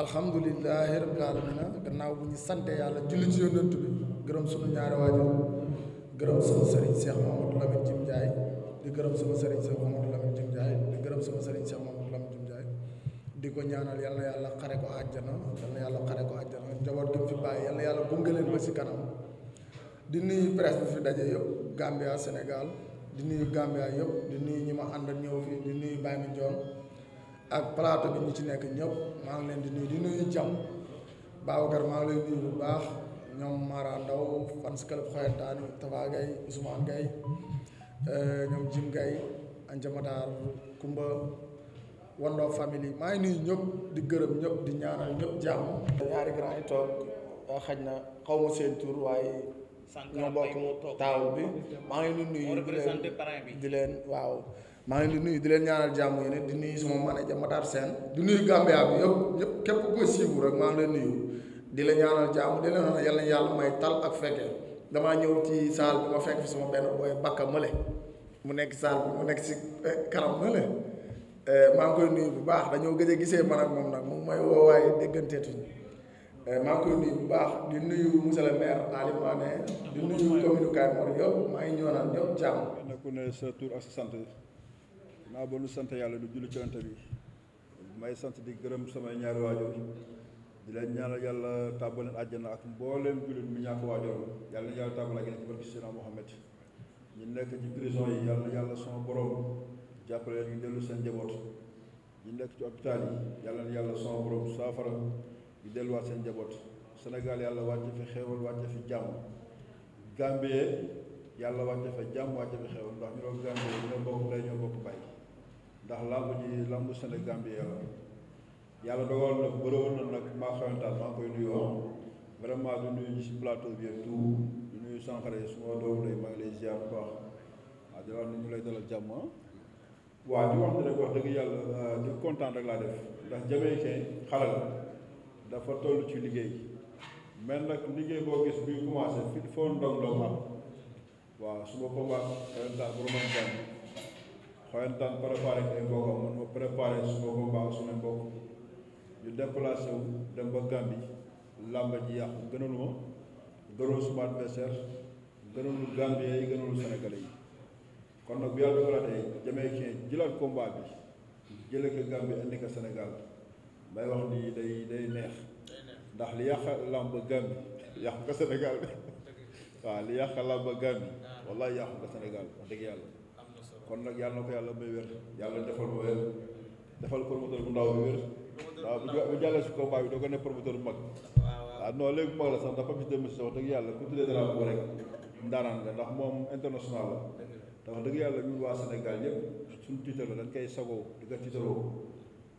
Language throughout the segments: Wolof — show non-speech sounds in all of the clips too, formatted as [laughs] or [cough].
alhamdulilahi rabbil na gannaaw bu ñu sante yàlla julli ci yonent bi gërëm sunu ñaari waajur gërëm sunu sëriñ Cheikh Mamadou Jim Ndiaye di gërëm suma sëriñ Cheikh Mamadou Lamine Jim Ndiaye di gërëm sunu sëriñ Cheikh Jim Ndiaye di ko ñaanal yàlla yàlla xare ko àjjana yal na yàlla xare ko àjjana njaboot gi mu fi bàyyi yal yàlla gunge leen ba si kanam di nuyu presse bi fi daje yëpp Gambia Sénégal di nuyu Gambia yëpp di nuyu ñi ma ànd ñëw fi di nuyu Baye Mandione ak plateau bi ñu ci nekk ñëpp maa ngi leen di nuy di nuyu jàmm Babacar maa ngi lay nuyu bu baax ñoom Mara Ndaw fans club Xoyantaan Tafa Gaye Ousmane Gaye euh, ñoom maa ngi nuyu ñëpp di gërëm ñëpp di ñaanal ñëpp jàmm. ñaari grand yi toog xaj na xaw ma seen tur waaye. ñoo bokk taaw bi maa ngi nuyu di leen waaw. maa ngi di nuyu di leen ñaanal jàmm yéen di nuyu sama manager Matar Sène di nuyu Gambia bi yëpp ñëpp képp koy siibu rek maa ngi leen nuyu di la ñaanal jàmm di leen wax yàlla yàlla tal ak fekke damaa ñëw ci saal bi ma fekk fi sama mu nekk saal nekk si eh, kanam eh, maa ngi koy nuyu bu baax dañoo gëj a gisee man ak moom nag moom may woowaay dégganteetuñu eh, bu baax di nuyu monsieur le maire Ali Mané di nuyu commune Kayemor yëpp maa ngi ñëw naan ñëpp jàmm. ku ne sa tur ak sa naa ba sant yàlla du julli ci ante bi may sant di gërëm samay ñaari waajur di leen ñaanal yàlla tàbbal leen na ak mbooleem jullit mu ñàkk waajur yàlla na yàlla tàbbal àjjana ci barke Seydina Mohamed ñu nekk ci yàlla na yàlla sama borom jàppale seen njaboot ñu nekk ci hôpital yàlla na yàlla sama borom saafara ñu njaboot Sénégal yàlla wàcce fi xéewal wàcce fi jàmm Gambie yàlla wàcce fa jàmm wàcce fi xéewal ndax ñu doon Gambie ñoo bokk lay ñoo bokk bàyyi ndax làmb ji làmb Sénégambie la yàlla dogal na bëriwoon na nag maa xawantaan maa koy nuyoo vraiment du nuyu ñu si plateau bi et tout du nuyu Sankhare su ma doom lay maa bu baax waaw di wax lay dalal jàmm ah. waaw di wax ne dëgg yàlla euh, kontaan rek laa def ndax jamaïcain xale la dafa toll ci liggéey mais nag liggéey boo gis buy commencé fii foo ndong ndong am waaw su ma combat xawantaan bu roman jàmm xawet daan préparé ay mbokkam man ma préparé suma combat su ne mbokk ñu déplacé wu dem ba Gàmbi làmba ji yàqu gënalu ma gënal suma adversaire gënalu Gambien yi gënalu yi kon nag bu yàlla dogalatee Jamaïcain jëlaat combat bi jële ko Gambie indi ko Sénégal may wax ni day day neex ndax li yàq làmb Gambie yàqu ko Sénégal bi [laughs] waaw li yàq làmb Gambie ah. wallaay yàqu ko Sénégal wax dëgg yàlla kon nag yàlla na ko yàlla ba wér yàlla defal ko wér defal promoteur bu ndaw bi wér waaw bu jàllee si combat bi doo ko ne promoteur bu mag waaw ah, non léegi mag la sax dëgg yàlla ku tuddee dara ko ndax moom international la te yàlla ñun waa Sénégal yëpp suñu tiital la dañ koy sagoo di ko tiitaloo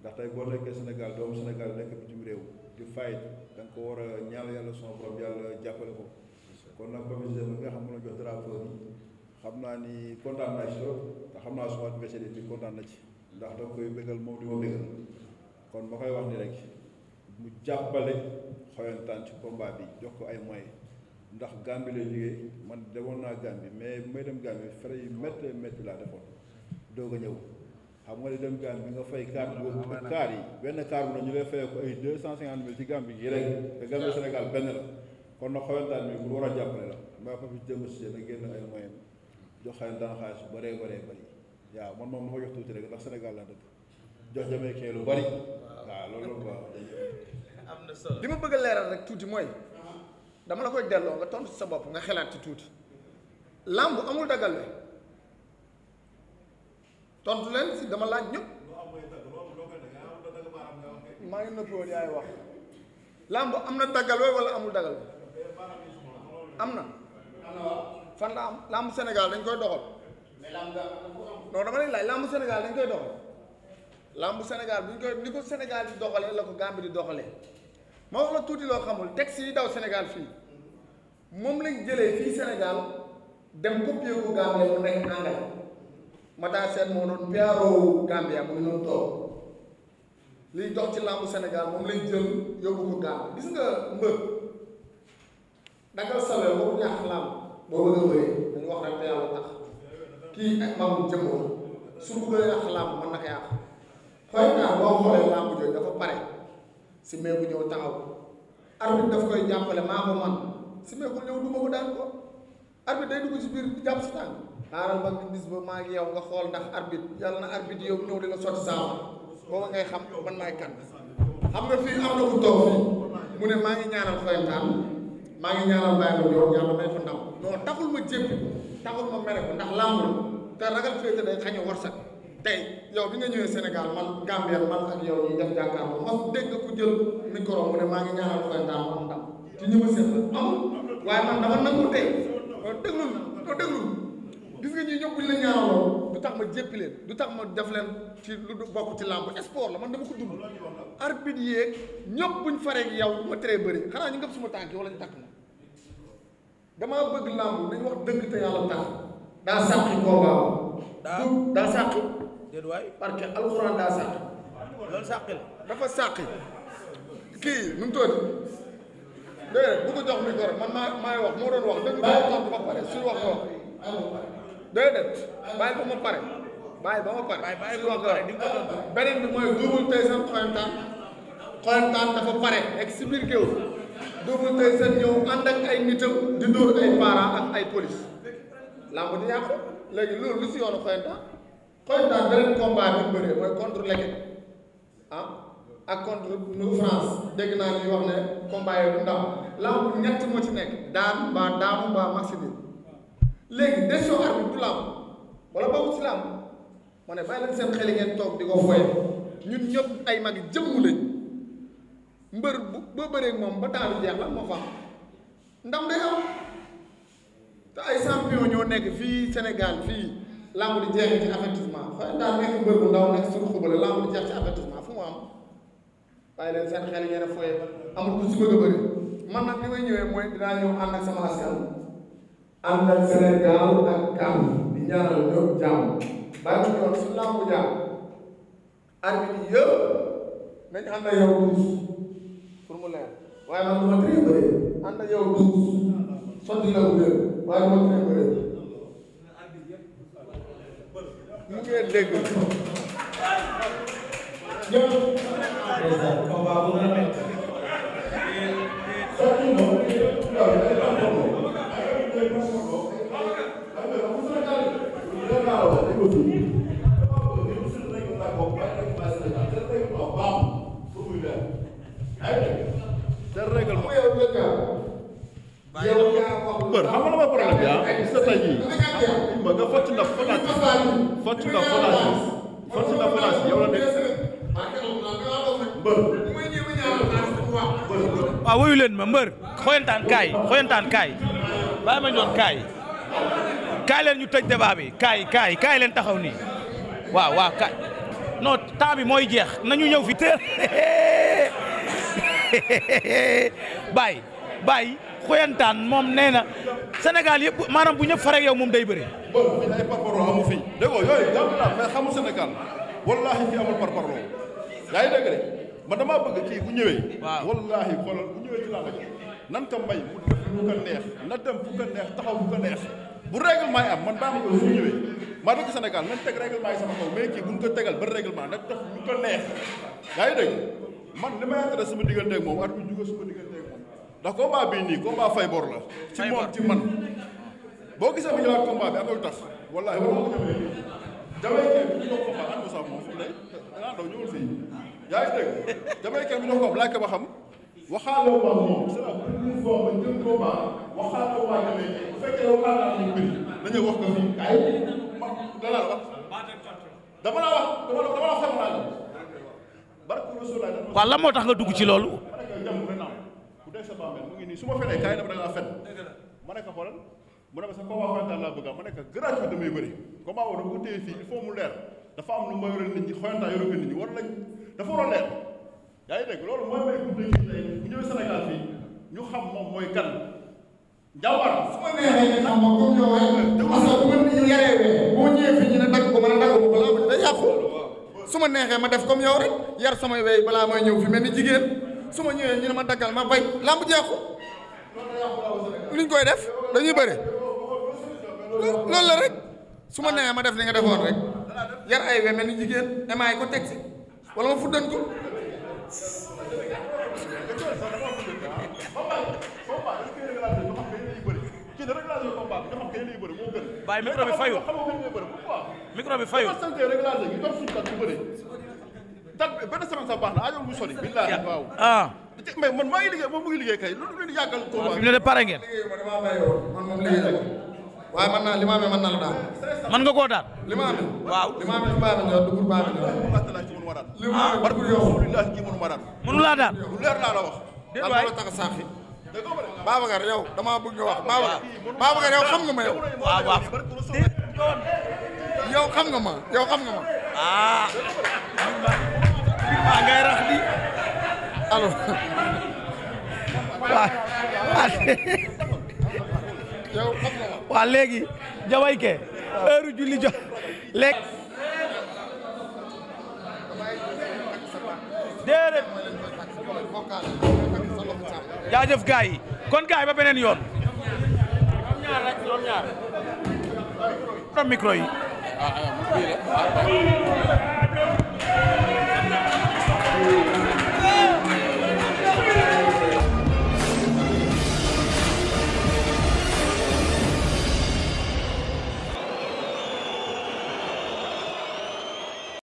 ndax tey boo nekkee Sénégal doomu Sénégal nekk bitim réew di fay da ko war a ñaan yàlla sama borom yàlla jàppale ko kon nag ba bis nga xam mën a jox drapeau bi xam naa ni kontaan naa ci loolu xam naa suma adversaire bi kontaan na ci ndax danga koy bëggal moom di ma bëggal kon ma koy wax ni rek mu jàppale xoyantaan ci combat bi jox ko ay moyens ndax Gambie lay liggéey man demoon naa Gambie mais bu may dem Gambie frais yu métti métti laa defoon doo a ñëw xam nga di dem Gambie nga fay kaar boobu yi benn kaar bu ne ñu lay fayee ko ay deux cent cinquante mille ci Gambie gi rek te Gambie Sénégal benn la kon na xoyantaan bi lu war a jàppale la maa ko fi jëm jox xaalis daan xaalis bu bëree bëree man moom ma ko jox tuuti rek ndax Sénégal la dëkk jox jamaïcain lu bëri waaw loolu quoi am na li ma bëgg leeral rek tuuti mooy dama la koy delloo sa bopp nga xelaat ci tuuti làmb amul dagal dama laaj ñëpp maa ngi nëbboon yaay wax làmb am na dagal we wala amul dagal am na fan la am làmb Sénégal dañ koy doxal. mais làmb dama lay làmb Sénégal dañ koy doxal làmb Sénégal buñ koy ni ko Sénégal di doxalee la ko Gambie di doxalee ma tuuti loo xamul taxi yi daw Sénégal fii moom lañ jëlee fii Sénégal dem copier ko Gambie mu nekk engrais Mata Seen moo doon piaro Gambia mu ngi noonu toog liy dox ci làmb Sénégal moom lañ jël yóbbu ko Gambie gis nga mbër dangal sawee boobu ñaax làmb boo bëgg a wëree dañu wax rek te yàlla tax kii ak maamum su bëggee yàq làmb mën si meeku ñëw taxaw arbitre maa ko man si meeku ñëw duma ko daan ko arbitre day dugg si biir di maa ngi yow nga xool ndax arbitre yàlla na arbitre yow ñëw di la sotti saawa booba ngay xam man maay kan xam nga fii am na ku toog fii mu ne maa ngi ñaanal xoyantaan maa ngi ñaanal bàyyi la yow yàlla may fa ndam non taxul ma jéppi taxul ma mere ko ndax làmb la te ragal féete day xañu warsak tey yow bi nga ñëwee Sénégal man Gambia man ak yow ñu def jàkkaarloo ma dégg ku jël micro mu ne maa ngi ñaanal koy daal am ndam ci ñëw seet la amul waaye man dama nangu tey déglul to déglul gis nga ñi ñëpp buñ la ñaanaloo du tax ma jéppi leen du tax ma def leen ci lu bokk ci làmb sport la man dama ko dund arbitre yeeg ñëpp buñ faree ak yow ma teree bëri xanaa ñu ngëp suma tànk wala ñu takk ma damaa bëgg làmb nañ wax dëgg te yàlla tax daa sàqi combat daa daa sàqi déet dafa sàqi kii nu mu toll déedéet bu ko jox micro rek man maa maay wax moo doon wax dëgg daa wax ba pare suy wax nga wax déedéet bàyyi ba ma pare bàyyi ba ma pare suy wax nga wax beneen bi mooy duubul tey seen xoyantaan xoyantaan dafa pare expliqué wu Double Tyson ñëw ànd ak ay nitam di dóor ay parents ak ay police lamb di yàqu léegi loolu si yoonu Xoyantaan Xoyantaan beneen combat bi mu bëree mooy contre Leket ah? ak contre nu France dégg naa ñuy wax ne combat yooyu ndaw lamb ñett moo ci nekk daan mbaa daamu mbaa maximum léegi décision arbitre du lamb ba bokk ci lamb moo ne bàyyi leen seen xel ngeen toog di ko foye ñun ñëpp ay mag jëmm lañ. mbër bu ba ba daanu jeex la moo fa ndam day am te nekk fii Sénégal fii lamb di jeex ci avertissement fa daan nekk mbër bu ndaw nekk suñu xubale lamb di jeex ci avertissement fu mu am bàyyi a fooye amul ku mooy dinaa ñëw ànd ak sama askan ànd ak Sénégal ak kàmm di ñaanal ñoom jàmm bàyyi ko ñoom su lamb jàmm yëpp nañ ànd ak yow waaye man dama très bëri ànd ak yow duus sotti la ko wér waaye dama très bëri mu ngeen dégg ñëpp combat bu rafet xam nga la ah, leen ma mbër xoyantaan kaay xoyantaan kaay bàyyi ma ñoon kaay kaay leen ñu tëj débat bi kaay kaay kaay leen taxaw ni waaw waaw kaay non bi mooy jeex nañu ñëw fi teel [laughs] bàyyi bàyyi xoyantaan moom nee na Sénégal yëpp maanaam bu ñëpp farek yow moom day bëri. bon fii ay parparloo amu fi dégg nga yooyu jàpp naa mais xamul Sénégal wallaahi fi amul parparloo yaa ngi man damaa bëgg kii bu ñëwee. waaw wallaahi xoolal bu ñëwee ci laa la nan ko na dem bu ko neex bu ko neex bu règlement yi am man baax na su ñëwee maa dëkk ndax combat bii nii combat fay bor la. ci man boo gisee bu ñu laaj combat bi amul tax wallaahi mu ne danaa ah, daw ñëwul bi ñu doon combat moo tax nga dugg ci loolu ku denc mu ngi nii su ma fenee kaay na ma da ngaa fen ma ne ko xoolal mu ne ma sa combat xoyantaan laa bëgg a ma ne ko gratuit damay bëri combat woo dama ko téye fii il faut mu leer dafa am lu ma yore nit ñi xoyantaan yore ko nit ñi dafa war a yaa ngi dégg loolu mooy may guddee ci ñëwee Sénégal fii ñu xam moom mooy kan jàmbaar su ma neexee ma ñu ne dagg ko mën a dagg ko balaa ma day yàqu su ma ma def comme yow rek yar samay wey balaa may ñëw fi mel ni jigéen su ma ñëwee ñu ne ma daggal ma bay lamb jeexu luñ koy def dañuy bëre loolu la rek su ma nee ma def li nga defoon rek yar ay we mel ni jigéen emaay ko teg si wala ma fuddan ko waaye micro bi fayul micro bi date bi benn semaine sax baax na aajo muy sori. billaahi waaw ah. mais man maa ngi liggéey moom mu ngi liggéey kay loolu lu leen yàggal. waaw fi mu ne de pare ngeen. liggéey ma damaa may woon man moom liggéey la waaye man naa li ma amee man naa la daan. man nga koo daan. li ma amee. waaw li ma amee du baax la ñor du pour baax la ñor. li ma amee war bu yow ah, li laa ci mënu ma daan. mënu laa daan. lu leer laa la wax. déet waay la tax a saaxi. Babacar yow damaa bëgg nga wax. Babacar Babacar yow xam nga ma yow. waaw waaw. yow xam nga ma yow xam nga ma. ah. alors waaw waaw léegi jaway ke julli jot léeg déedéet jaajëf gars yi kon gars ba beneen yoon ñaar rek